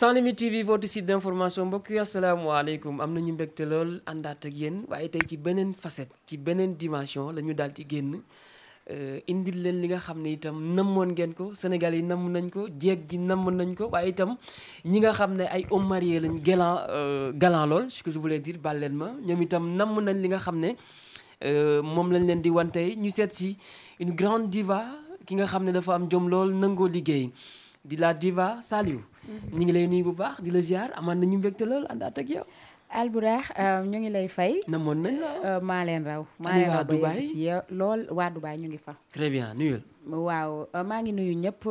sans limite TV votre site d'information mbokk yi asalaamaaleykum am nañu mbégte lool àndaat ak yéen waaye tey ci beneen facette ci beneen dimension la ñu daal di génn euh, indil leen li nga xam ne itam namoon ngeen ko Sénégal yi namm nañ ko jeeg ji namm nañ ko waaye itam ñi nga xam ne ay hommes mariés lañ galant euh, galant lool ce que je voulais dire leen ma ñoom itam namm nañ li nga xam ne euh, moom lañ leen di wan tey ñu seet si une grande diva ki nga xam ne dafa am jom lool nangoo liggéey di la diva Saliou ñu ngi lay nuyu bu baax di la ziar amaan nañu mbégte lool àndaat ak yow. Albourakh euh, ñu ngi lay fay. namoon nañ la euh, maa leen raw. maa leen raw ba ci yow lool waa Dubaay ñu ngi fa. très bien nuyul. waaw euh, maa ngi nuyu ñëpp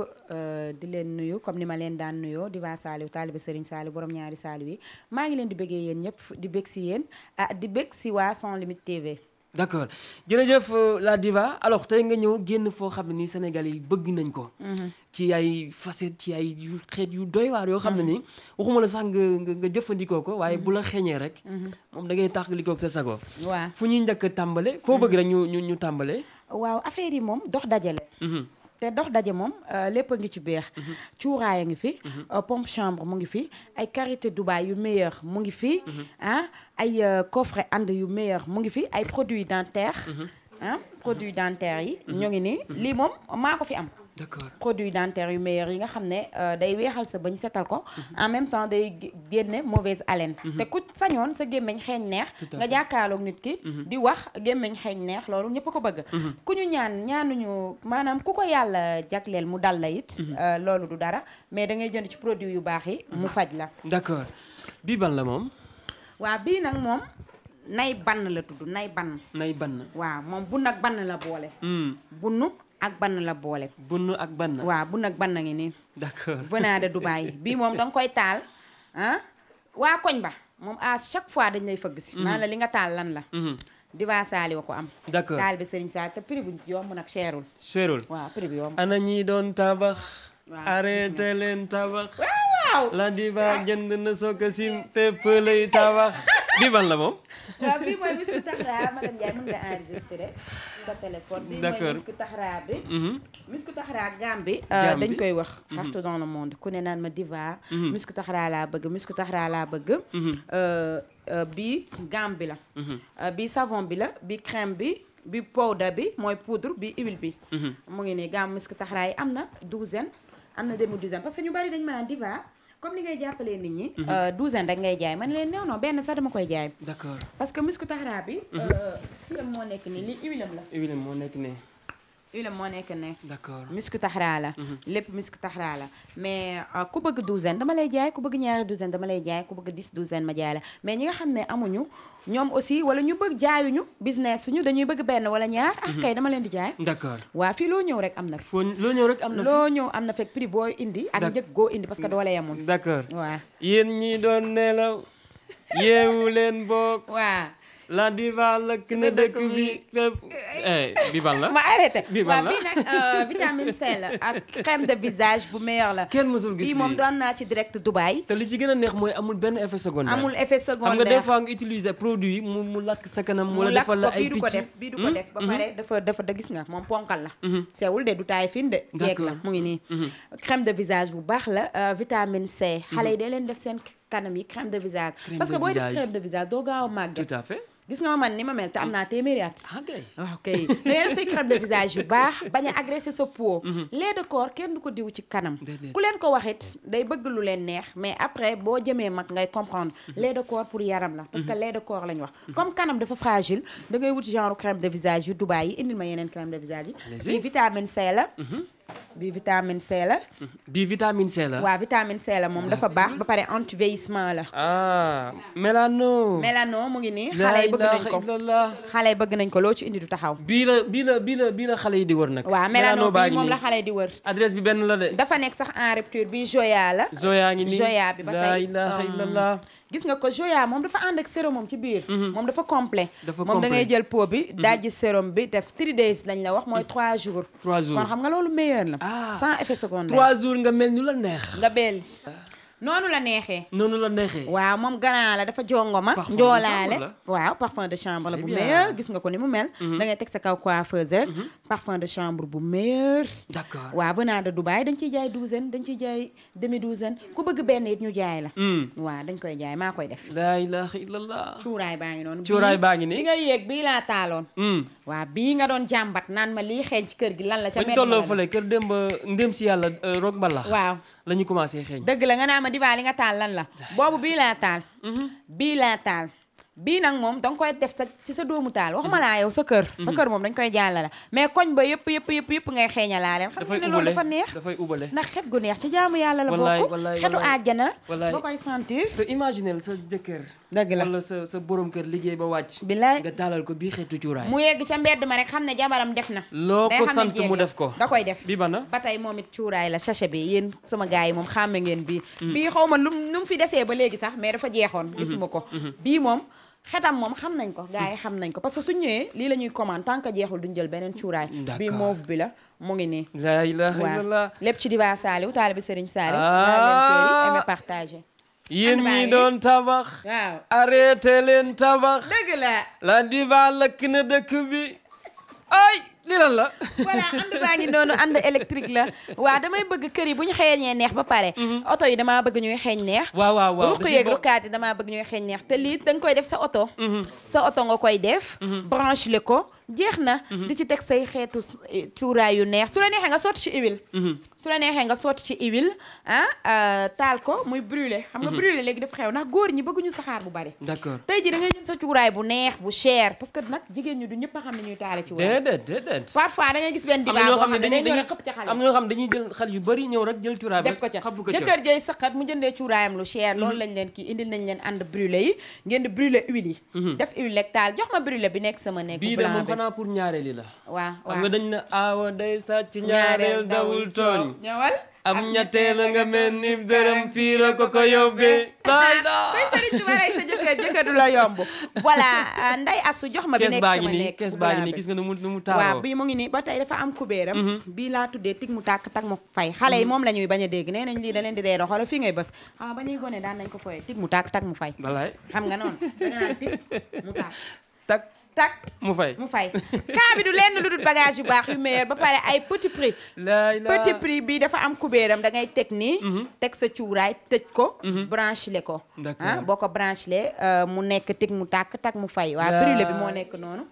di leen nuyu comme ni ma leen daan nuyoo Diva Saliou taaliba Serigne Saliou borom ñaari Saliou yi maa ngi leen di bëggee yéen ñëpp di bëgg si yéen ah di bëgg si waa Sans Limite TV. d' accord jërëjëf euh, la diva alors tey nga ñëw génn foo xam ne nii Sénégal yi bëgg nañ ko. Mhm. ci ay facette ci ay yu xeet yu doy waar yoo xam ne mhm. nii waxuma la sax nga nga jëfandikoo ko waaye bu la mhm. xeeñee rek. moom da ngay tàq li ko sa sago. waa fu ñuy njëkk tàmbalee foo bëgg rek ñu ñu ñu tàmbale. waaw affaire yi moom dox dajale. te dox daje moom euh, lépp a ngi ci biir. Mhm. cuuraay a ngi fi. Mhm. Euh, pompe chambre mu ngi fi ay karité Dubaï yu meilleur mu ngi fi. Mhm. ah ay euh, coffret ànd yu meilleur mu ngi fi ay produits dentaires. ah produits dentaires yi. ñoo ngi nii lii moom maa ko fi am. d'accord produits dentaires yu meilleurs yi nga xam ne euh, day weexal sa bañ setal ko mhm. en même temps day génne mauvaise haleine mhm. te ku sañoon sa gémmiñ xeeñ neex nga jàkkaarloog nit ki mhm. di wax gémmiñ xeeñ neex loolu ñëpp ko bëgg ku ñu ñaan ñaanuñu maanaam ku ko yàlla jagleel mu dal la it euh, loolu du dara mais da ngay jënd ci produit yu baax yi mu faj la d'accord bii ban la moom waa bii nag moom nay ban la tudd nay ban nay bann waaw moom bu nag ban la boole hmm. bunnu ak bann la boole. bunn ak bann. waaw bunn ak bann ngi nii. d'accord venant de Dubaï bii moom danga koy taal ah, waa koñ ba moom à chaque fois dañ lay fëgg si. Mhm. naan la li nga taal lan la. Mhm. Diva Saali wa ko am. d'accord taal bi Serigne Sall te prix bu yomb nag cherul. cherul ana ñi doon tabax. waaw leen tabax. waaw waaw. la Diva ah. jënd na soo ko si pépp lay tabax. bii ban la moom. waaw bii mooy Miss Taxra madame Ndiaye mën nga enregistré sa téléphone. bii mooy Miss Taxra bi. Miss mhm. Taxra gam bi. Euh, dañ koy wax. Mhm. partout dans le monde ku ne naan ma diva. Miss mhm. Taxra laa bëgg Miss Taxra laa bëgg. Euh, euh, bii gam bi la. bii savon bi la bii crème bi. bi powda bi mooy poudre bi huile bi. mu ngi nii gam Miss Taxra yi am na douzaine am na demi douzaine parce que ñu bari dañ mën a diva. comme ni ngay jàppalee nit ñi. Mhm. Euh, douzaine rek jaay man leen non non benn sax dama koy jaay. d'accord parce que musku taxaraa bi. fii mhm. euh, moo nekk nii lii huilam la. huilam moo nekk nii. huile moo nekk ne d'accord musku taxaraa la mhm. lépp musku taxaraa la mais euh, ku bëgg douzaine dama lay jaay ku bëgg ñaari douzaine dama lay jaay ku dix douzaine ma jaay la mais ñi nga xam ne amuñu ñoom aussi wala ñu bëgg jaayuñu business ñu dañuy bëgg benn wala ñaar ah mhm. kay dama leen di jaay d'accord waa fii loo ñëw rek am na fi loo ñëw am na fi loo ñëw am na fekk prix boo indi ak njëg goo indi parce que doole yemoon d'accord waa yéen ñi doon neelaw yeewu leen boog la diva la ne dëkk bi eh, bi ban la. ma arrêté bi ban la waaw bii nag euh, vitamine C la ak crème de visage bu meilleur la. kenn mësul gis bii moom doon naa ci direct Dubaï. te li ci gën a neex mooy amul benn effet secondaire. amul effet secondaire xam nga des yi mu mu lakk sa kanam. wala defal la ay picc bii du ko hmm? def ba hmm? pare dafa dafa da gis nga moom ponkal la. Hmm? sewul de du taay fin de. jeeg la mu ngi nii. crème de visage bu baax la euh, vitamine C. xale yi day leen def seen kanam yi crème de visage. parce que booy def crème a màgg. gis nga ma man ni ma mel te am naa téeméeri at kay da ngeen say crème de visage yu baax bañ a agressé sa peau mhm. lait de corps kenn du ko diw ci kanam ku leen ko waxit day bëgg lu leen neex mais après boo jëmee mag ngay comprendre mhm. lait de corps pour yaram la parce que mhm. lait de corps lañ wax comme kanam dafa fragile da ngay genre crème de visage yu Dubaï yi indil ma yeneen crème de visage yi bi vitamine C la bi vitamine C la. bi vitamine moom dafa baax ba pare anti bëgg nañ ko xale yi bëgg nañ ko loo ci indi du taxaw bii la bii la bii bii xale yi di wër nag waaw melano bi moom la xale yi di wër adresse bi benn la de dafa nekk sax en rupture bi Joya la Joya ngi nii Joya bi ba ah. gis nga ko Joya moom dafa ànd ak sérum moom ci biir mhm. moom dafa complet moom dangay jël pot bi mhm. dajji sérum bi def 3 days lañ la wax mooy 3 mhm. jours 3 kon xam nga loolu meilleur la ah. sans effet secondaire 3 jours nga mel ñu la neex nga beel ah. noonu la neexee. noonu la neexee. waaw moom ganaa la dafa jongoma. njoolaale waaw parfum de chambre la bu meilleur gis nga ko ni mu mel. Mhm. da ngay teg sa kaw coiffeuse rek. Mhm. parfum de chambre bu meilleur. d'accord waaw venant de Dubaï dañ ciy jaay douzaine dañ ci jaay demi douzaine ku bëgg benn it ñu jaay la. Mm. waaw dañ koy jaay maa koy def. la ilaha cuuraay baa ngi noonu. cuuraay baa ngi nii bi nga yéeg bii laa taaloon. Mm. waaw bii nga doon jàmbat naan ma lii xeeñ ci kër gi lan la. ca mel ni ma la bañ tolloo si yàlla euh, roog mbalax waaw la ñu commencé xeeñ dëgg la nga naa ma Diva li nga taal lan la boobu bii laa taal mhm. bii laa taal bii nag moom danga koy def sa ci sa doomu taal waxuma mhm. laa yow sa kër sa mhm. kër moom dañ koy jàllale mais koñ ba yëpp yëpp yëpp yëpp ngay xeeña laa leen xam nga ne loolu dafa neex dafay ubale ndax xet gu neex ci jaamu yàlla la bokk xetu àjjana ba sa imaginel sa jëkkër la sa sa borom kër liggéey ba wàcc bilaay nga taalal ko bii xetu cuuraay mu yegg ca mbedd ma rek xam ne jabaram def na loo ko sant mu def ko da koy def bi bana ba tey moom it cuuraay la sachet bi yéen sama gars yi moom xàmme ngeen bii mm. bii xaw ma lu mu fi desee ba léegi sax mais dafa jeexoon mm-hmm. gisuma ko mm-hmm. bii moom xetam moom xam nañ ko gars xam nañ ko parce que su ñëwee lii la ñuy commande tant que jeexul duñ jël beneen cuuraay bi moof bi la mu ngi nii la ilaha illallah lépp ci Diva Saliou taalibe Serigne Saliou ah. aa waaw arrêté leen tabax dëgg la la Diva lakk na dëkk bi li lan la. voilà ànd baa ngi noonu ànd électrique la waaw damay bëgg kër yi bu ñu xeeñee neex ba pare. Mhm. oto yi damaa bëgg ñuy xeeñ neex. waaw waaw waaw ruq yeeg ruqaat yi damaa bëgg ñuy xeeñ neex te lii da koy def sa oto. Mhm. sa oto nga koy def. Mhm. branche le ko. jeex na. Mhm. di ci teg say xeetu eh, cuuraay yu neex su la neexee nga sotti ci huile. Mhm. neexee nga sotti ah, euh, taal ko muy brûler. xam nga mhm. brûler léegi dafa xew ndax góor ñi bëgguñu saxaar bu bari. d'accord a xam ne ñuy taale cuuraay. déedéet déedéet. parfois da ngay gis benn dibaag boo xam ne dañuy ñëw rek xëpp ca xale. am na ñoo xam ne dañuy jël xal yu bari ñëw rek jël cuuraay def ko ca jëkkër jay saqat mu jëndee cuuraayam lu cher loolu lañ leen kii indil nañ leen ànd brûler yi ngeen di brûler huile yi def huile rek taal jox ma brûler bi nekk sama nekk xanaa pour ñaareeli la. waaw waaw xam nga dañ na aawa day sàcc ñaareel dawul tooñ. ñëwal am ñetteel nga mel ni dërëm fii la ko ko yóbbee. bay daa koy sëriñ Tuubaa sa jëkkër jëkkër du la yomb. voilà nday asu jox ma bi nekk sama nekk kees baa ngi nii bii mu ngi nii ba tey dafa am kubéeram. Mhm. bii laa tuddee tig mu tàkk tak mu fay xale yi mhm. moom la ñuy bañ dégg nee nañ lii da leen di reeroo xoolal fii ngay bës xam ah, nga ba ñuy gone daan mu tàkk tak mu fay. tak tak mu fay mu fay kaa du lenn lu dul bagage yu baax yu meilleur ba pare ay petit prix petit prix bi dafa am kubéeram da ngay teg nii mhm. teg sa cuuraay tëj ko mhm. branchele ko ah boo ko branchele euh, mu nekk teg mu tàkk tak mu fay waa brûlé bi moo nekk noonu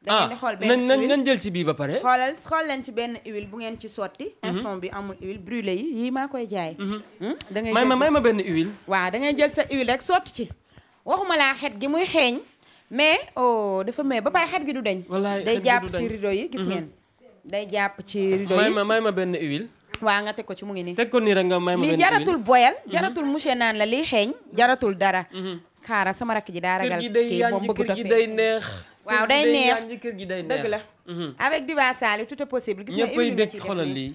da ngeen di xool benn ah, nañ nañ ci bii ba pare. xoolal xool leen ci benn huile bu ngeen ci sotti. Mhm. instant bi amul huile brûlé yi yii maa koy jaay. Hmm? da may ma may ma benn huile. waaw da ngay jël sa huile rek sotti ci. waxuma laa mais oh dafa may ba pare xet gi du deñ day jàpp ci rido yi gis mhm. ngeen day jàpp ci rido yi may ma may benn huile waa nga teg ko ci mu ngi nii teg ko nii rek nga ma benn huile lii jaratul boyal mhm. jaratul monsieur naan la lii xeeñ jaratul dara xaaral mhm. sama rakk ji daa ragal kii moom bëgg kër gi day neex waaw day neex kër gi day neex dëgg la avec Diva Sali tout est possible gis nga ñëpp ay bëgg xoolal lii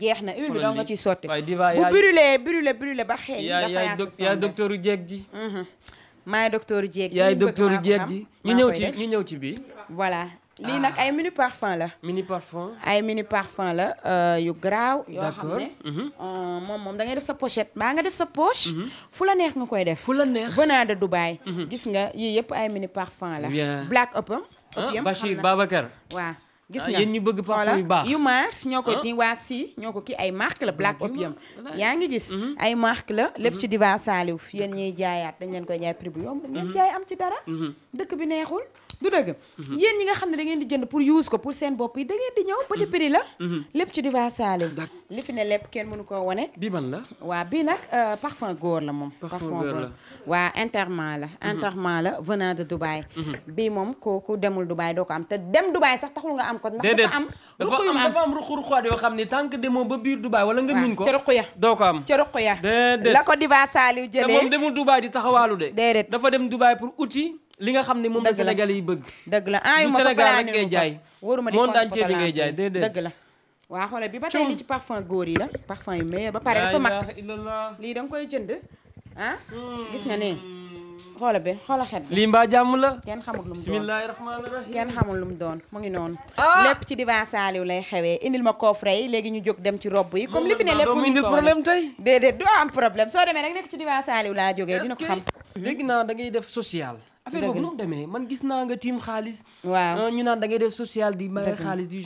jeex na huile bi doo nga ciy sotti bu brûlé brûlé brûlé ba xeeñ yaa docteur u ji maay docteur Dieg yaay docteur Dieg ji ñu ñëw ci ñu ñëw ci bii voilà lii ah. nag ay mini parfum la mini parfum ay mini parfum la euh, yu graaw yoo xam ne mhm. euh, moom moom da ngay def sa pochette maa nga def sa poche mhm. fu la neex nga koy def fu la neex venant de mhm. gis nga yii yëpp ay mini parfum la black up ah, Bachir Babacar waaw gis ah, nga ñu bëgg parfum yu baax yu marque ñoo ko ah. di waa si ñoo ko kii ay marque la Black Opium yaa ngi gis mhm. ay marque la lépp mhm. ci Diva Saliou yéen ñuy jaayaat dañ leen koy jaay prix bu yomb mhm. jaay am ci dara dëkk bi neexul du dëgg mhm. yéen ñi nga xam ne da ngeen di jënd pour use ko pour seen bopp yi da ngeen di ñëw petit prix la mhm. lépp ci Diva Salim li fi ne lépp kenn mënu koo wane bi man la waaw bii nag euh, parfum góor la moom parfum góor la waaw interment la mhm. interment la venant de Dubaï bii moom kooku demul Dubaï doo ko am te dem Dubaï sax taxul nga am ko ndax dafa am ruq yu am dafa am ruq ruqaat yoo xam ne tant que demoo ba biir Dubaï wala nga miin ko ca ruq ya doo ko am ca ruq dem Dubaï pour outil li nga xam ne moom la Sénégal yi bëgg. dëgg la ah yu ma fa Sénégal rek ngay jaay. wóoruma di monde entier bi ngay jaay déedéet dëgg yi la parfum yu meilleur ba pare lii da nga koy jënd ah hmm. gis nga ne xoola bi xoola xet bi lii jàmm la kenn xamul lu mu doon bismillahi rahmaani xamul lu mu doon mu ngi noonu ah! lépp ci divan saaliw lay xewee indil ma coffre yi léegi ñu jóg dem ci robb yi comme li fi problème tey déedéet doo am problème soo demee rek nekk ci divan saaliw laa jógee dina ko xam dégg naa da ngay def social affaire boobu noonu demee man gis naa nga tiim xaalis. waaw euh, ñu naan da ngay def di maye xaalis du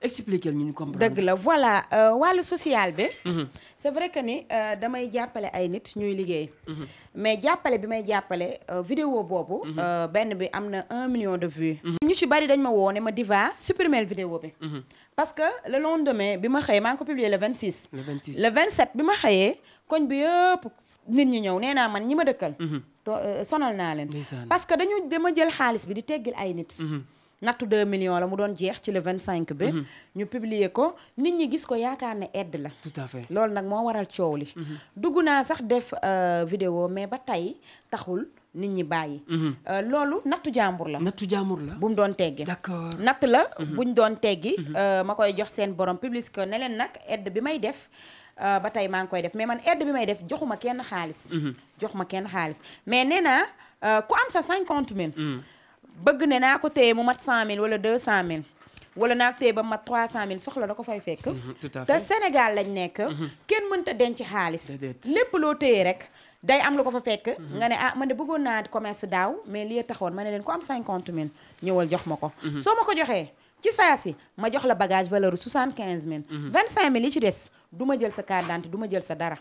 expliquer ñu comprendre dëgg la voilà euh, wàllu social bi. Mhm. c'est vrai que ni euh, damay jàppale ay nit ñuy liggéey. Mhm. mais jàppale bi may jàppale euh, vidéo boobu. Mhm. benn bi am na un million de vues. ñu ci bari dañ ma woo ne ma diva supprimer vidéo bi. parce que le lendemain bi ma xëyee maa ngi ko publier le 26. le 26 le 27 bi ma xëyee koñ bi yëpp nit ñi ñëw nee naa man ñi ma dëkkal. sonal naa leen. parce que dañu dama jël xaalis bi di teggil ay nit. nattu 2 million la mu doon jeex ci vingt cinq bi. Mhm. ñu publier ko nit ñi gis ko yaakaar ne edd la. tout loolu nag moo waral coow li. Mhm. dugg naa sax def euh, video mais ba tey taxul nit ñi bàyyi. Mhm. Euh, loolu nattu jàmbur la. nattu jàmbur la bu mu doon teggi. d'accord natt la. buñ doon teggi. Euh, ma koy jox seen borom publicité ko ne leen nag edd bi may def. ba tey maa ngi koy def mais man edd bi may def joxuma kenn xaalis. joxuma kenn xaalis mais nee naa ku am sa cinquante mille. bëgg ne naa ko téye mu mat 100000 wala 200000 wala naa ko téye ba mat 300000 soxla da ko fay fekk. Mhm, tout à fait te Sénégal lañ nekk. Mhm. kenn mënta denc xaalis. lépp loo téye rek. day am lu ko fa fekk. Mhm. nga ne ah ma ne bëggoon naa commerce daaw mais li taxoon ma ne leen ko am 50000 ñëwal jox ma ko. soo ma ko joxee ci saa si ma jox la bagage valeur 75000. 25000 yi ci des duma jël sa carte d'identité du ma jël sa dara.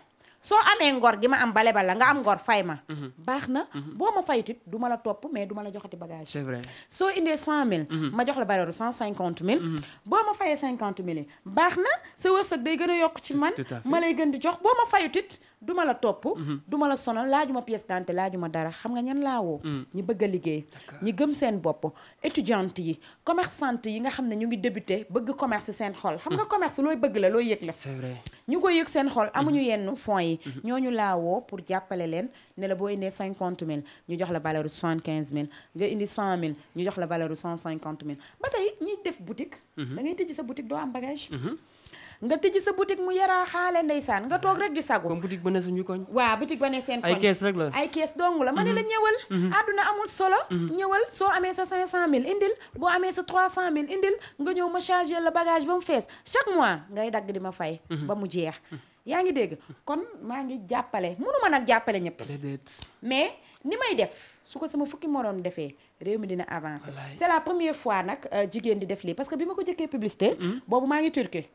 soo amee ngor gi ma am bale ba la nga am ngor fay ma mhm. baax na mhm. boo ma faytit duma la topp mais duma la joxati bagage c'est soo indee cent mille mhm. ma jox la baleeru cent cinquante mille boo ma fayee cinquante mille yi baax na sa wërsëg day gën a yokk ci man ma lay gën di jox boo ma fayutit duma la topp. Mhm. du ma la sonal laajuma pièce d'identité laajuma dara xam nga ñan laa woo. Mm. ñi bëgg liggéey ñi gëm seen bopp étudiante yi commerçante yi nga xam ne ñu ngi débuté bëgg commerce seen xol. xam nga mm. commerce looy bëgg la looy yëg la. ñu koy yëg seen xol amuñu mm-hmm. yenn fonds yi. Mm-hmm. ñooñu laa woo pour jàppale leen ne la boo indee cinquante mille ñu jox la valeur soixante quinze mille nga indi cent mille ñu jox la valeur cent cinquante mille ba tey ñiy def boutique. Mm-hmm. da ngay tëj sa boutique doo am bagage. nga tëj sa boutique mu yaraa xaale ndeysaan nga toog rek di sagu comme boutique ba ne suñu koñ waaw boutique ba ne seen koñ ay kees rek la ay kees dong la ma ne la mhm. ñëwal mhm. àdduna amul solo mhm. ñëwal soo amee sa cinq cent mille indil boo amee sa trois cent mille indil nga ñëw ma chargé la bagage ba mu fees chaque mois ngay dagg di ma fay ba mu jeex yaa ngi dégg kon maa ngi jàppale mënu ma nag jàppale ñëpp mais ni may def su ko sama fukki moroom defee réew mi dina avancer c'est l première fois nag euh, jigéen di def lii parce que bi ma ko jëkkee publicité maa ngi Turquie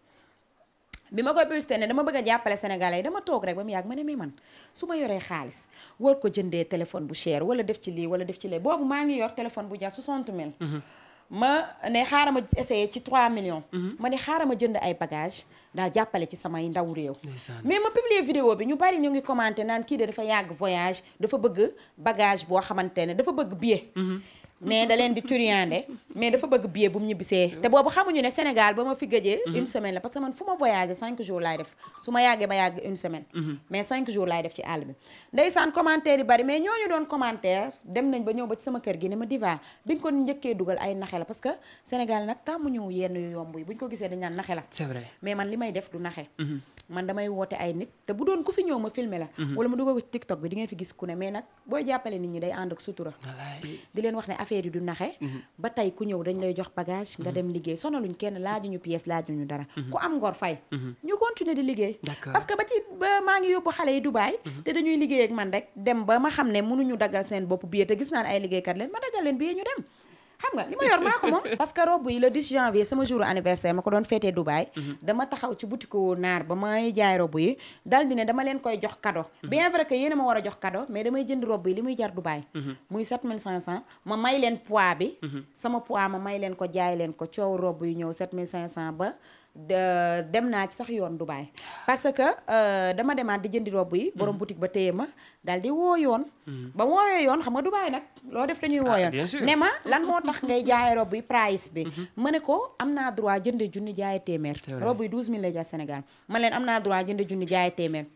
bi ma koy publicité ne dama bëgg jàppale sénégalais yi dama toog rek ba mu yàgg ma ne mais man su ma yoree xaalis war ko jëndee téléphone bu cher wala def ci lii wala def ci lee boobu maa ngi yor téléphone bu jar 60 mille mhm. ma ne xaaral ma essayé ci 3 millions. Mhm. ma ne xaaral ma jënd ay bagage daal jàppale ci samay ndaw réew. mais ma publier vidéo bi ñu bari ñu ngi commenté naan kii de dafa yàgg voyage dafa bëgg bagage boo xamante ne dafa bëgg billet. Mhm. mais da leen di turiande mais dafa bëgg billet bu mu ñibbisee te boobu xamuñu ne Sénégal ba ma fi gëjee mhm. une semaine la parce que man fu ma voyagé cinq jours laay def su ma yàggee ba yàgg une semaine mhm. mais cinq jours laay def ci àll bi ndeysaan commentaire bari mais ñooñu doon commentaire dem nañ ba ñëw ba ci sama kër gi ne ma diva bi nga ko njëkkee dugal ay naxe la parce que Sénégal nag tàmmuñu yenn yu yomb ko gisee dañ naan naxe la mais man li may def du naxe mhm. man damay woote ay nit te bu doon ku fi ñëw ma filmer la wala ma dugal ko ci TikTok bi di ngeen gis ku ne mais nag booy jàppale nit ñi day ànd leen wax ne affaire yi du naxe ku ñëw dañ lay jox bagage nga mhm. dem liggéey sonaluñ kenn laajuñu pièce laajuñu dara mhm. ku am ngor fay mhm. ñu continuer di liggéey parce ba ci ba maa ngi yóbbu xale yi Dubaay te dañuy liggéey man rek dem ba ma xam ne mënuñu daggal seen bopp billet te gis naan ay liggéeykat leen ma daggal leen billet ñu dem xam nga li ma yor maa ko moom parce que robe yi le 10 janvier sama jour anniversaire ma ko doon féetee Dubaay mhm. dama taxaw ci boutique naar ba may jaay robe yi dal di dama leen koy jox cadeau mhm. bien vrai que yéena ma war a jox cadeau mais damay jënd robe yi li muy jar Dubaay mhm. muy 7500 ma may leen poids bi sama poids ma may leen ko jaay leen ko coow robe yi ñëw 7500 ba dem naa ci sax yoon Dubaay parce que euh, dama demaat di jëndi robb yi borom mm. boutique ba téye ma daal di woo yoon mm. ba wooyee yoon xam nga Dubaay nag loo def dañuy ah, woo yoon ne ma lan moo tax ngay jaayee robb yi price bi mm-hmm. ma ne ko am naa droit jënde junni jaayee téeméer robb yi 12000 la jaay Sénégal ma leen am naa droit jënde junni jaayee téeméer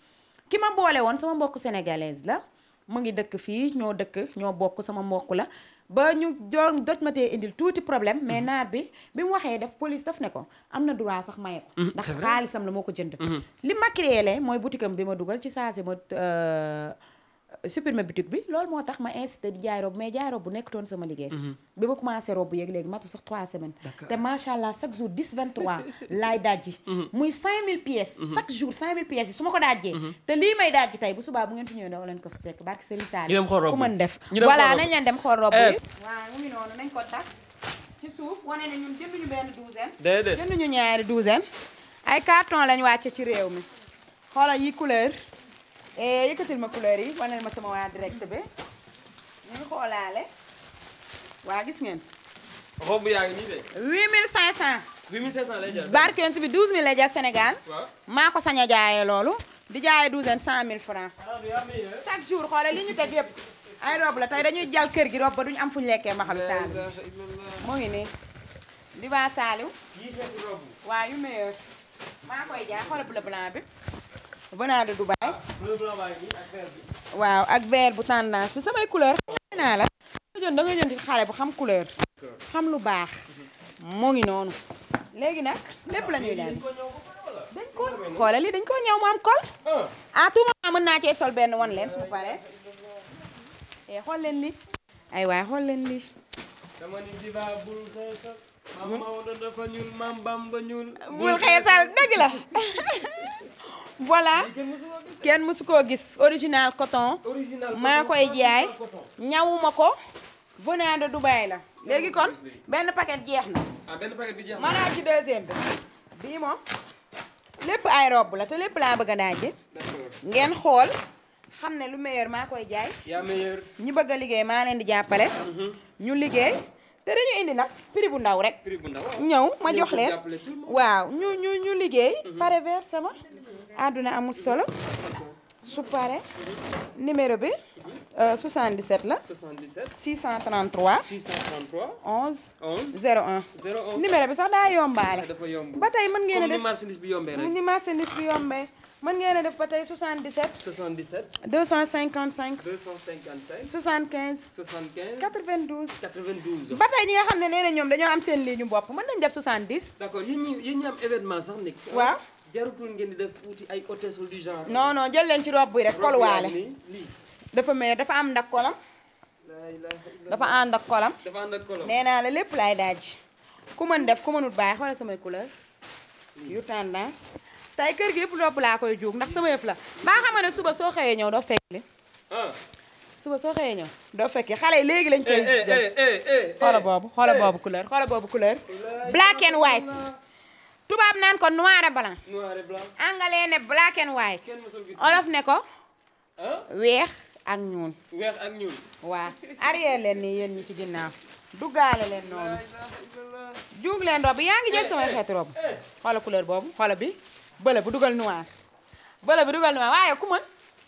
ki ma boole woon sama mbokk sénégalaise la mu ngi dëkk fii ñoo dëkk ñoo bokk sama mbokk la ba ñu joom doj ma te indil tuuti problème mais mm-hmm. naar bi bi mu waxee def police daf ne ko am na droit sax maye ko mm-hmm. ndax xaalisam la moo ko jënd mm-hmm. li ma créé mooy boutique bi ma dugal ci saasi ma euh, supprimer boutique bi loolu moo tax ma incité di jaay robe mais jaay robe bu nekkutoon sama liggéey. Mhm. bi ma commencé robe bu léegi matu sax 3 semaines. te macha allah chaque jour 10 23 laay dajji. Mhm. muy 5000 pièces. Mhm. chaque jour 5000 pièces su ma ko dajjee. te lii may dajji tey bu subaa bu ngeen fi ñëwee ko fekk barke Serigne Sall. ñu dem def voilà nañ leen dem xool robe eh. yi. waaw mu ngi noonu nañ ko tas ci suuf wane ne ñun jënduñu benn douzaine. Eh, yëkkatil ma couleur yi waneel ma sama waa direct bi ñu xoolaale waa gis ngeen. robe yaa ngi nii de. 8500. 8500 lay jar. barkent bi 12000 lay jar Sénégal. waaw maa ko saña a jaayee loolu. di jaayee douzaine 100000 francs. Ah, chaque jour xoolal li ñu teg yëpp. ay robe la tey dañuy jal kër gi robe ba duñ am fu ñu lekkee ma mbaxalu eh, Saliou. moo ngi nii. di waa Saliou. yii xeetu robe. waa yu meilleur. maa koy jaay xoolal bleu blanc bi. venant de Dubaï. waaw ak vert bu tendance bi samay couleur xam naa la. da nga jënd xale bu xam couleur. xam lu baax. moo ngi noonu. léegi nag lépp la ñuy daal. dañ ko xoolal lii dañ ko ñëw mu am col. ah tout moment mën naa cee sol benn won leen su ma paree. Eh, xool leen lii. ay waay xool leen lii. maam Maodo xeesal dëgg la. voilà kenn mësu koo gis original coton. maa koy jaay. ñawuma ko. venant de Dubaï la. léegi kon benn paquet jeex na. ah ci deuxième bi. bii moom lépp ay robb la te lépp laa bëgg a daaj. ngeen xool xam ne lu meilleur maa koy jaay. ñi bëgg a liggéey maa leen di jàppale. Mhm. ñu liggéey. te dañu indi nag prix bu ndaw rek. prix bu ndaw ñëw ma jox leen. waaw ñu ñu ñu liggéey. Mhm. pare vers sama. àdduna amul solo. su pare numéro bi 77 euh, la. 77 633. 633 11. 11 01. 01 numéro bi sax daa yombaale. Ah, ba tey mën ngeen a def comme bi yombee. mën ngeen a def ba tey 77. 77. 255. 255. 75. 75. 92. 92. ba tey ñi nga xam ne nee na ñoom dañoo am seen ligne ñu bopp mën nañ def 70. d' accord yéen ñi yéen ñi am événement sax nekk. waaw jarutul ngeen di def tuuti ay hôtesse du jël leen ci robe bi rek. kolwaale dafa meer dafa am ndak kolam. dafa ànd ak kolam. dafa ànd ak kolam nee naa la lépp laay daaj. ku mën def ku mënut bàyyi xoolal samay couleur yu tey kër gi yëpp lopp laa koy juug ndax sama yëpp la maa xama ne suba soo xëyee ñëw doo fekki ah. suba soo xëyee ñëw doo fekki xale yi léegi lañ koy eh, eh, eh, xoola boobu xoola boobu couleur xoola boobu couleur black and white tubaab naan ko noir et blanc anglais ne black and ne ko ah? weex ak ñuul weex leen nii yéen ñi ci ginnaaw duggaale leen juug leen rob yaa ngi jël sama xeetu rob xoola couleur boobu xoola bi bële bu dugal noir bële bu waaye ku mën.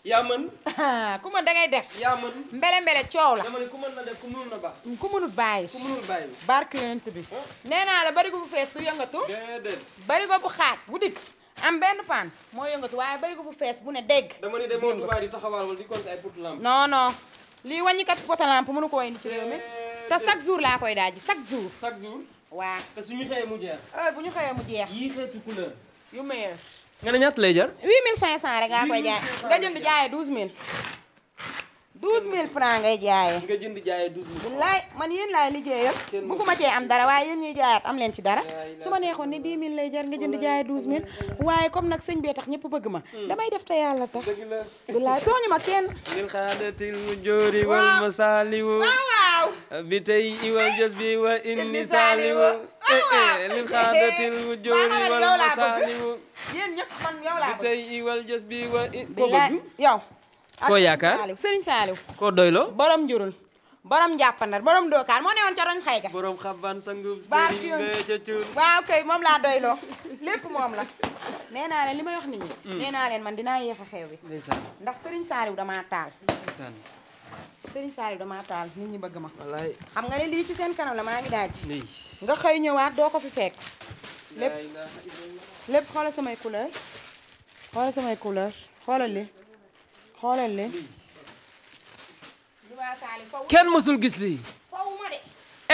yaa ku mën da ngay def. yaa mën mbele mbele coow la. dama ne ku mën na def ku mënul na ba. ku mënul bàyyi. ku mënul bàyyi. bi. nee naa la barigo bu fees du yëngatu. déedéet. barigo bu xaaj bu dikk am benn paan moo yëngatu waaye barigo bu fees bu ne dégg. dama ne de moo tubaab di taxawaal wala di compter ay potu lampe. non non lii koo indi ci réew mi. te chaque jour laa koy daaji chaque jour. chaque jour. waaw te suñu xëyee mu jeex. heure bu ñu xëyee mu jeex. yii yu meilleur. nga ne ñaata lay jar. 8500 rek nga koy jaay nga jënd jaayee 12000. 12000 francs ngay jaayee. nga jënd jaayee man yéen laay liggéeyal. kenn bëgguma cee am dara waaye yéen ñuy jaayaat am leen ci dara. su ma neexoon ni ne 10000 lay jar nga jënd jaayee 12000. waaye comme nag sëñ bee tax ñëpp bëgg ma. Hmm. damay def te yàlla tax. dëgg la billaay sooñu ma kenn. min xaadatil mu joori wal masaaliwu. bi tey iwal jës bi wa inni saaliwu lil xaadatil wujoori wal masaaliwu yow laa sëriñ saaliw koo doyloo borom njurul borom njàppandar borom dookaan moo newoon ca roñ xay ga borom xaban sangub sëriñ bee ca cuur moom laa doyloo lépp moom la nee naa leen li may wax nit ñi mm. nee naa leen man dinaa yéex a xew ndax sëriñ saaliw damaa taal Serigne Saliou damaa taal nit ñi bëgg ma. xam nga ne lii ci seen kanam la maa ngi daaj. lii nga xëy ñëwaat doo ko fi fekk. lépp lépp xoolal samay couleur xoolal samay couleur xoolal li xoolal li. kenn mësul gis lii. foofu ma de.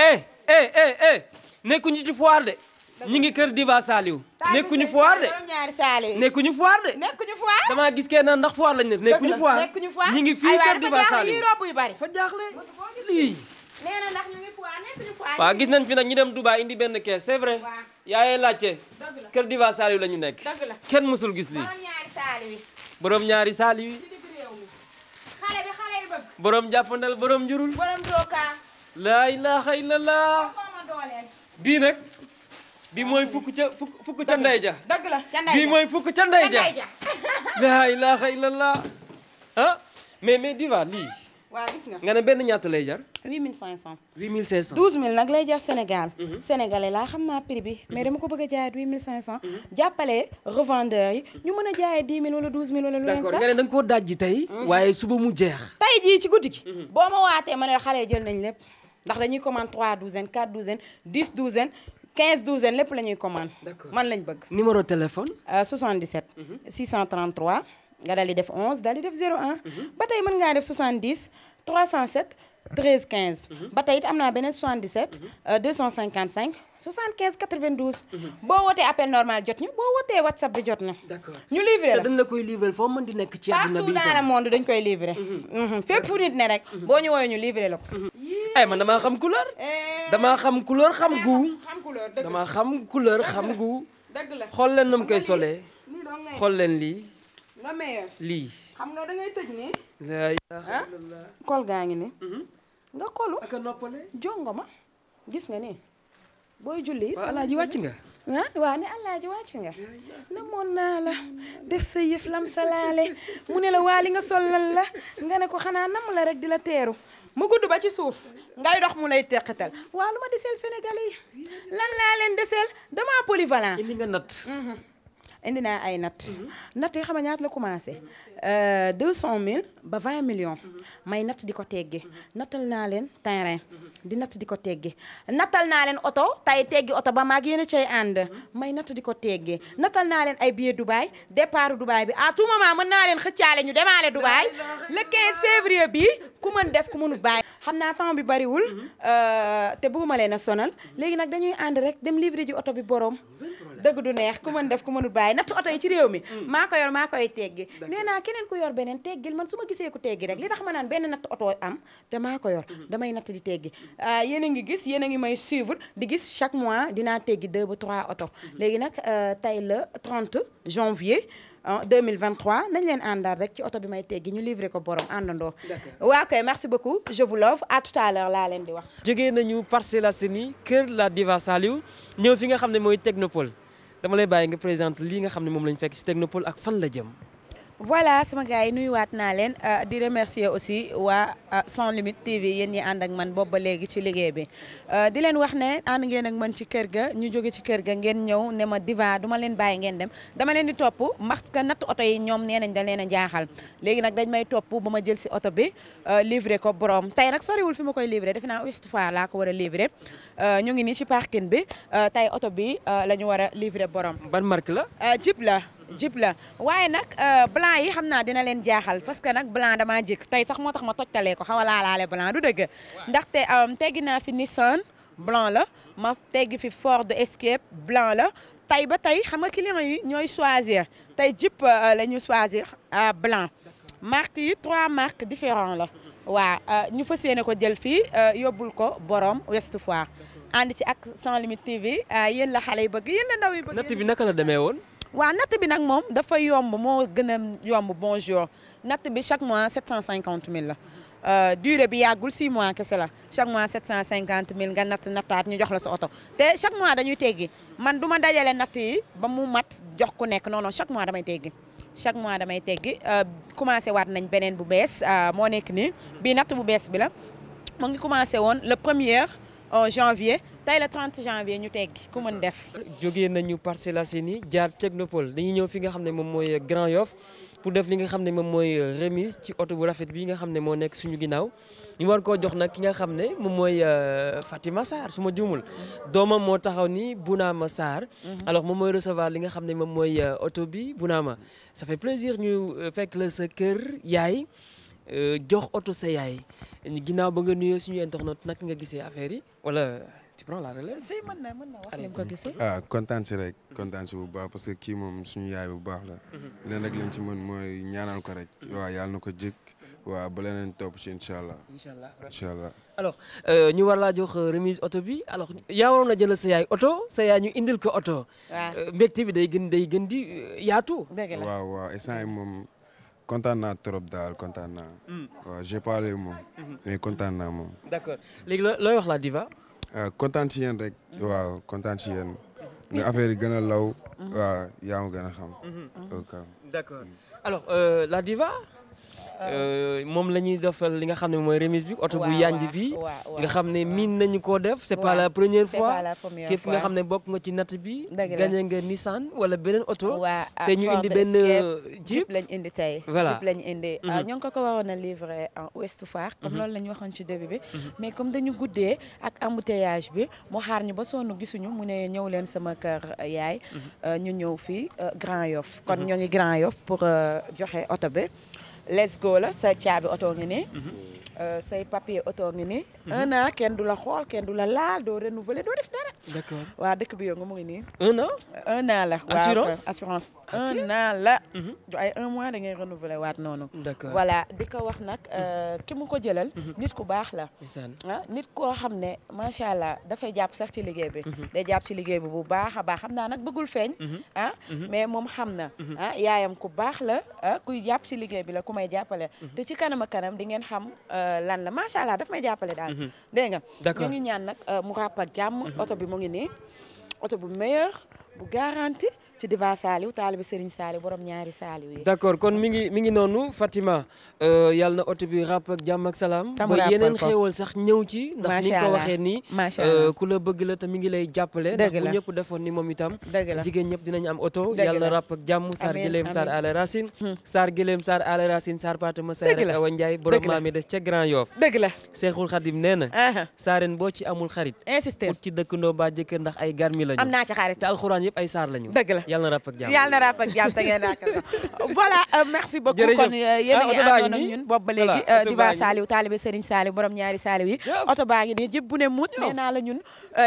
Eh, eh, eh, nekkuñu ci foire de. ñi ngi kër Diva Saliou nekkuñu foire de nekkuñu foire de nekkuñu foire damaa gis kenn ndax foire lañ ne nekkuñu foire nekkuñu foire ñi ngi fii kër Diva Saliou robu yu bari fa jaaxle lii nee na ndax ñu ngi foire nekkuñu foire waaw gis nañ fi nag ñu dem Dubaay indi benn kees c'est vrai yaayee laajte kër Diva Saliou la ñu nekk kenn mësul gis lii borom ñaari Saliou yi xale bi xale yi bëgg borom jàppandal borom njurul borom dooka laa ilaaha illallah bii nag bi mooy fukk ca fukk fukk ca ndey ja dëgg la ca ndey bi mooy fukk ca ndey ja laa ilaaha illallah ah mais mais diva lii waaw gis nga nga ne benn ñaata lay jar 8500 8500 12000 nag lay jar Sénégal mhm. sénégalais laa xam naa prix bi mhm. mais dama ko bëgg a jaayee 8500 mhm. jàppale revendeur yi ñu mën a jaayee 10000 wala 12000 wala lu leen nga ne da nga koo ji tey waaye suba mu jeex tey jii ci guddi gi boo ma waatee ma ne xale yi jël nañ lépp ndax dañuy commande 3 douzaine 4 douzaine 10 douzaine 15 douzaine lépp la ñuy commande. man lañ bëgg. numéro téléphone. 77. Euh, 633 mhm. nga daal di def 11 daal di def 01. Mhm. ba tey mën ngaa def 70 307 13 15. ba tey it am naa beneen 77. 255 75 92. boo wootee appel normal jot ñu boo wootee whatsapp bi jot na. ñu livré la dañ la koy livré foo mhm. nit ne rek. boo ñu woowee ñu livré la ko. Eh, ay xam couleur. Eh. damaa xam couleur xam couleur dëgg dama xam couleur xam gu. dëgg la xool leen na mu koy solee. xool leen lii. nga lii. xam nga da ngay tëj nii. Ah? kol gaa ngi ne. Mhm. nga kolu ak noppale jongo ma gis nga nii booy julli it. alaaji wàcc nga. ah waa ne alaaji wàcc nga. namoon naa la def sa yëf lam sa laale mu ne la waa li nga solal la nga ne ko xanaa nam la rek di la teeru. mu gudd ba ci suuf ngay dox mu lay teqatal waa lu ma deseel sénégalais lan laa leen deseel dama polyvalent indi nga natt mhm. indi naa ay natt mhm. natt yi xam nga ñaata la commencé Euh, deux cent mille ba vingt millions may natt di ko teggi nattal naa leen terrain di natt di ko teggi nattal naa leen oto tay teggi oto ba maak yéen a cay ànd may natt di ko teggi nattal naa leen ay billet Dubaï départ Dubaï bi à tout moment mën naa leen xëccaale ñu demaale Dubaï le 15 février bi ku mën def ku mënul bàyyi xam naa temps bi bariwul euh, te bëgguma leen a sonal léegi nag dañuy ànd rek dem livrer ji oto bi borom dëgg du neex ku mën def ku mënul bàyyi natt oto yi ci réew mi mm. maa keneen ku yor beneen teggil man su ma gisee ku teggi rek li tax ma naan benn natt oto am te maa ko yor mhm. damay natt di teggi ah, yéen a ngi gis yéen a ngi may suivre di gis chaque mois dinaa teggi deux ba trois oto mhm. léegi nag euh, tey la 30 janvier 2023 nañ leen àndal rek ci oto bi may teggi ñu livré ko borom àndandoo waaw kay merci beaucoup je vous love à tout à l'heure laa leen di wax jógee nañu Parcelles Assainies kër la diva Saliou ñëw fi nga xam ne mooy Technopole dama lay bàyyi nga présente lii nga xam ne moom lañ fekk ci Technopole ak fan la jëm voilà sama gars yi nuyuwaat naa leen euh, di remercier aussi waa euh, Sans Limite TV yéen ñi ànd man boobu ba léegi ci liggéey bi euh, di leen wax ne ànd ngeen ak man ci kër ga ñu jóge ci kër ga ngeen ñëw ne ma diva duma leen bàyyi ngeen dem dama leen di topp max ka natt oto yi ñoom nee nañ da leen a jaaxal léegi nag dañ may topp ba ma jël si oto bi livré ko borom tey nag soriwul fi ma koy livré defe naa Ouest Foire laa ko war a livré ñu ngi nii ci parking bi tey oto bi la ñu war a livré borom. ban marque la Jeep la. jub la waaye nag euh, blanc yi xam naa dina leen jaaxal parce que nag blanc damaa jik tey sax moo tax ma tojtalee ko xaw a laalaale blanc du dëgg ndaxte euh, teggi naa fi Nissan blanc la ma teggi fi Ford Escape blanc la tey ba tey xam a client yi ñooy choisir tey jip euh, la ñu choisir blanc marque yi trois marques différentes la waa ñu fas yéene ko jël fii yóbbul ko borom Ouest fois ànd ci ak Sans Limites TV yéen la xale yi bëgg yéen la ndaw yi bëgg natt bi naka la demee woon waa natt bi nag moom dafa yomb moo gën a yomb bonjour natt bi chaque mois cent cinquante 000 la euh, durée bi yàggul 6 mois kese la chaque mois 750 000 nga natt nattaat ñu jox la sa oto te chaque mois dañuy teggi man duma ma dajale natt yi ba mu mat jox ku nekk noonu chaque mois damay teggi chaque mois damay teggi euh, commencé waat nañ beneen bu bees euh, moo nekk nii bii natt bu bees bi la mu ngi commencé woon le premier janvier tey la 30 janvier ñu teggi ku mën def. jógee nañu Parcelles Assainies jaar Technopole dañuy ñëw fi nga xam ne moom mooy Grand Yoff pour def li nga xam ne moom mooy remise ci oto bu rafet bi nga xam ne moo nekk suñu ginnaaw ñu war koo jox nag ki nga xam ne moom mooy euh, Fatima Sarr su ma juumul doomam moo taxaw ni Bounama Sarr. Mhm. alors moom mooy recevoir li nga xam ne moom mooy euh, oto bi Bounama ça fait plaisir ñu euh, fekk la sa kër yaay jox oto sa yaay ginnaaw ba nga nuyoo suñu internet nag nga gisee affaire yi wala. tu ah, kontaan si rek kontaan si bu baax parce que kii moom suñu yaay bu baax la. Mhm. leen rek lañ ci man mooy ñaanal ko rek. Mhm. waaw yàlla na ko jëg. waaw ba leneen topp ci incha allah. incha allah alors euh, ñu war laa jox euh, remise oto bi alors yaa waroon na jël sa yaay oto sa yaay ñu indil ko oto. waaw euh, mbégte bi day gën day gën di yaatu. dëgg la waaw waaw instant yi moom. kontaan naa trop daal kontaan naa. Mm. waaw j'ai moom. Mm-hmm. mais kontaan naa moom. looy wax la diva. Euh, kontaan ci yéen rek. Mhm. waaw kontaan ci yéen. Mhm. nga affaire yi gën a law. Mhm. waaw yaa ma gën a xam. d'accord alors euh, la diva. Euh, moom la ñuy li nga xam ne mooy remise bi oto bu yanj bi nga xam ne miin nañu koo def c'est pas la première fois képp nga xam ne bokk nga ci natt bi gagné nga Nissan wala beneen oto ah, te ñu indi benn jeep lañ indi tey voilà mhm. ah, ko waroon a livrer en Ouest Foire comme mhm. loolu la ñu waxoon ci début bi mhm. mais comme dañu guddee ak embouteillage bi mu xaar ñu ba sonn gisuñu mu ne ñëw leen sama kër euh, yaay euh, ñu ñëw fi Grand Yoff kon ñoo ngi Grand Yoff pour joxe oto let's go la sa caabi oto ngi nii. Mhm. Euh, say papier oto ngi nii. Mhm. un an kenn du la xool kenn du la laal doo renouveler doo def dara. d'accord waaw dëkk bi yow nga mu nii. un an un an la. assurance un an la. Mhm. du ay un mois da ngay renouveler waat noonu. d'accord voilà di ko wax nag euh, ki mu ko jëlal. nit ku baax la. ah nit koo xam ne macha allah dafay jàpp sax ci liggéey bi. day jàpp ci liggéey bi bu baax a baax xam naa nag bëggul feeñ. Ah, mais moom xam na. ah yaayam ku baax la ah, kuy jàpp ci liggéey bi la. may jàppale mhm. te ci kanam a kanam di ngeen xam euh, lan la macha allah daf may jàppale daal mhm. dégg nga ñu ngi ñaan nag euh, mu jàmm mhm. oto bi mu ngi nii oto bu meilleur bu garanti ci Diva Saliou taalibe Serigne Saliou borom ñaari Saliou yi. d' accord kon mi ngi noonu Fatima euh, yàlla na bi ràpp jàmm salaam. tam ba yeneen xéewal sax ñëw ci. ndax ni ko waxee nii. Euh, ku la bëgg la te mi ngi lay jàppale. ndax bu ñëpp defoon ni moom itam. la jigéen ñëpp dinañ am oto. dëgg la yàlla na ràpp ak jàmm Saar Gëleem Saar Ala Racine. Hmm. Saar Gëleem Saar Ala Racine Saar Patama Saar ak Awa Ndiaye borom maam yi des ca Grand Yoff. dëgg la Seexul Xadim nee saareen boo ba jëkkër ndax ay garmi lañu. yàlla na ràpp ak jàmm yàlla na ràpp ak jàmm te ngeen ràkkal voilà euh, merci beaucoup kon euh, yéen a ah, ngi àndoon ak ñun boobu ba léegi euh, Diba Saliou taalibe Serigne Saliou borom ñaari Saliou yi oto baa ngi nii jëb bu ne muut nee naa la ñun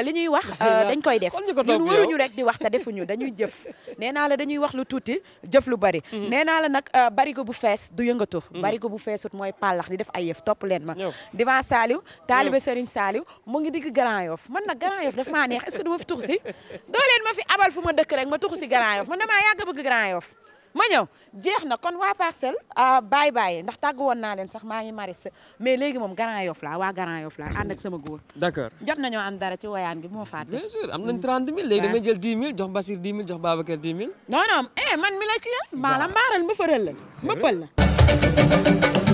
li ñuy wax dañ koy def ñun waruñu rek di wax te defuñu dañuy jëf nee naa la dañuy wax lu tuuti jëf lu bari mm-hmm. nee naa la nag barigo bu fees du yëngatu mm-hmm. barigo bu feesut mooy pàllax di def ay yëf topp leen ma Diba Saliou taalibe Serigne Saliou mu ngi digg Grand Yoff man nag Grand Yoff daf maa neex est-ce que du ma fi tux si doo leen ma fi abal fu ma dëkk rek ma tux si Grand Yoff man damaa yàgg a bëgg Grand Yoff ma ñëw jeex na kon waa parcelle baay ah, baay ndax tàgg woon naa leen sax maa ngi mari mais léegi moom Grand Yoff laa waa Grand Yoff laa ànd ak sama góor d'accord jot nañoo am dara ci wayaan gi bu ma fàtte bien sûr am nañ 30 000 léegi damay jël 10 000 jox Basir 10 000 jox Babacar 10 000 non non eh man mi ci la mbaaral ma fëral la ma pël la